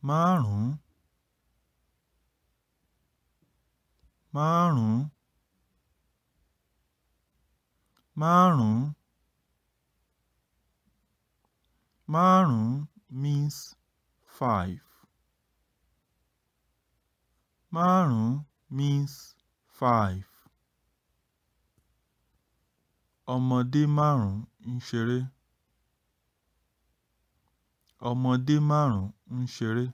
márùn-ún márùn-ún márùn-ún márùn-ún means five márùn-ún means five ọmọdé márùn-ún ń ṣeré ọmọdé ń ṣeré